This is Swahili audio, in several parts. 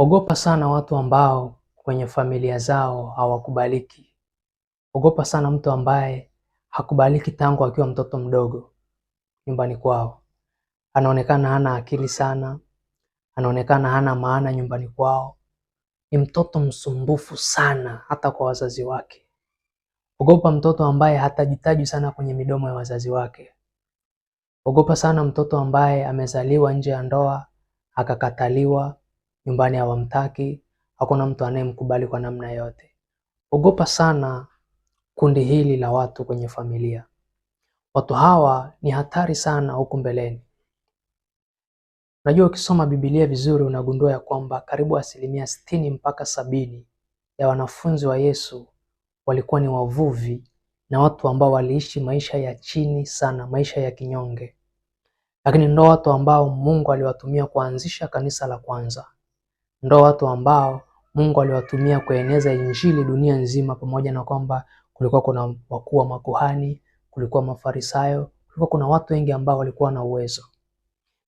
Ogopa sana watu ambao kwenye familia zao hawakubaliki. Ogopa sana mtu ambaye hakubaliki tangu akiwa mtoto mdogo nyumbani kwao. Anaonekana hana akili sana, anaonekana hana maana nyumbani kwao, ni mtoto msumbufu sana hata kwa wazazi wake. Ogopa mtoto ambaye hatajitaji sana kwenye midomo ya wazazi wake. Ogopa sana mtoto ambaye amezaliwa nje ya ndoa akakataliwa nyumbani hawamtaki, hakuna mtu anayemkubali kwa namna yote. Ogopa sana kundi hili la watu kwenye familia. Watu hawa ni hatari sana huku mbeleni. Unajua, ukisoma Biblia vizuri unagundua ya kwamba karibu asilimia sitini mpaka sabini ya wanafunzi wa Yesu walikuwa ni wavuvi na watu ambao waliishi maisha ya chini sana, maisha ya kinyonge, lakini ndo watu ambao Mungu aliwatumia kuanzisha kanisa la kwanza ndo watu ambao Mungu aliwatumia kueneza injili dunia nzima, pamoja na kwamba kulikuwa kuna wakuu wa makuhani, kulikuwa Mafarisayo, kulikuwa kuna watu wengi ambao walikuwa na uwezo.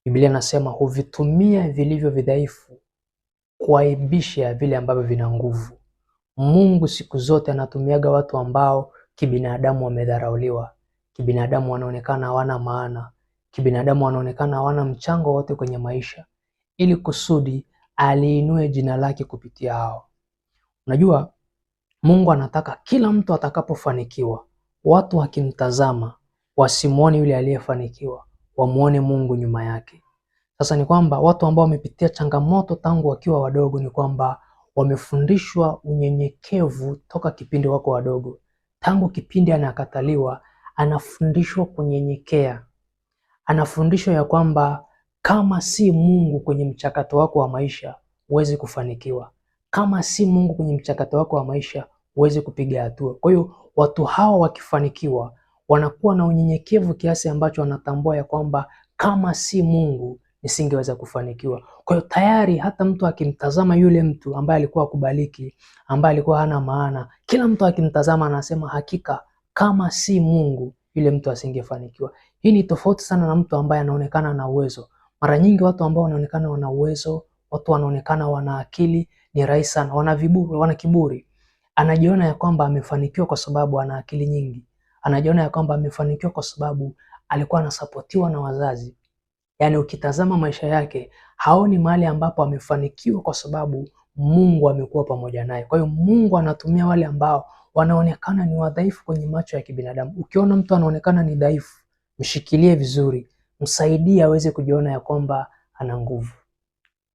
Biblia inasema huvitumia vilivyo vidhaifu kuaibisha vile ambavyo vina nguvu. Mungu siku zote anatumiaga watu ambao kibinadamu wamedharauliwa, kibinadamu wanaonekana hawana maana, kibinadamu wanaonekana hawana mchango wote kwenye maisha, ili kusudi aliinue jina lake kupitia hao. Unajua, Mungu anataka kila mtu atakapofanikiwa, watu wakimtazama wasimwone yule aliyefanikiwa, wamwone Mungu nyuma yake. Sasa ni kwamba watu ambao wamepitia changamoto tangu wakiwa wadogo, ni kwamba wamefundishwa unyenyekevu toka kipindi wako wadogo. Tangu kipindi anakataliwa, anafundishwa kunyenyekea, anafundishwa ya kwamba kama si Mungu kwenye mchakato wako wa maisha, huwezi kufanikiwa. Kama si Mungu kwenye mchakato wako wa maisha, huwezi kupiga hatua. Kwa hiyo watu hawa wakifanikiwa, wanakuwa na unyenyekevu kiasi ambacho wanatambua ya kwamba kama si Mungu nisingeweza kufanikiwa. Kwa hiyo tayari hata mtu akimtazama yule mtu ambaye alikuwa kubaliki, ambaye alikuwa hana maana, kila mtu akimtazama anasema hakika, kama si Mungu yule mtu asingefanikiwa. Hii ni tofauti sana na mtu ambaye anaonekana na uwezo mara nyingi watu ambao wanaonekana wana uwezo, watu wanaonekana wana akili ni rahisi sana, wana viburi, wana kiburi. Anajiona ya kwamba amefanikiwa kwa sababu ana akili nyingi, anajiona ya kwamba amefanikiwa kwa sababu alikuwa anasapotiwa na wazazi. Yaani ukitazama maisha yake haoni mahali ambapo amefanikiwa kwa sababu Mungu amekuwa pamoja naye. Kwa hiyo Mungu anatumia wale ambao wanaonekana ni wadhaifu kwenye macho ya kibinadamu. Ukiona mtu anaonekana ni dhaifu, mshikilie vizuri, msaidie aweze kujiona ya kwamba ana nguvu.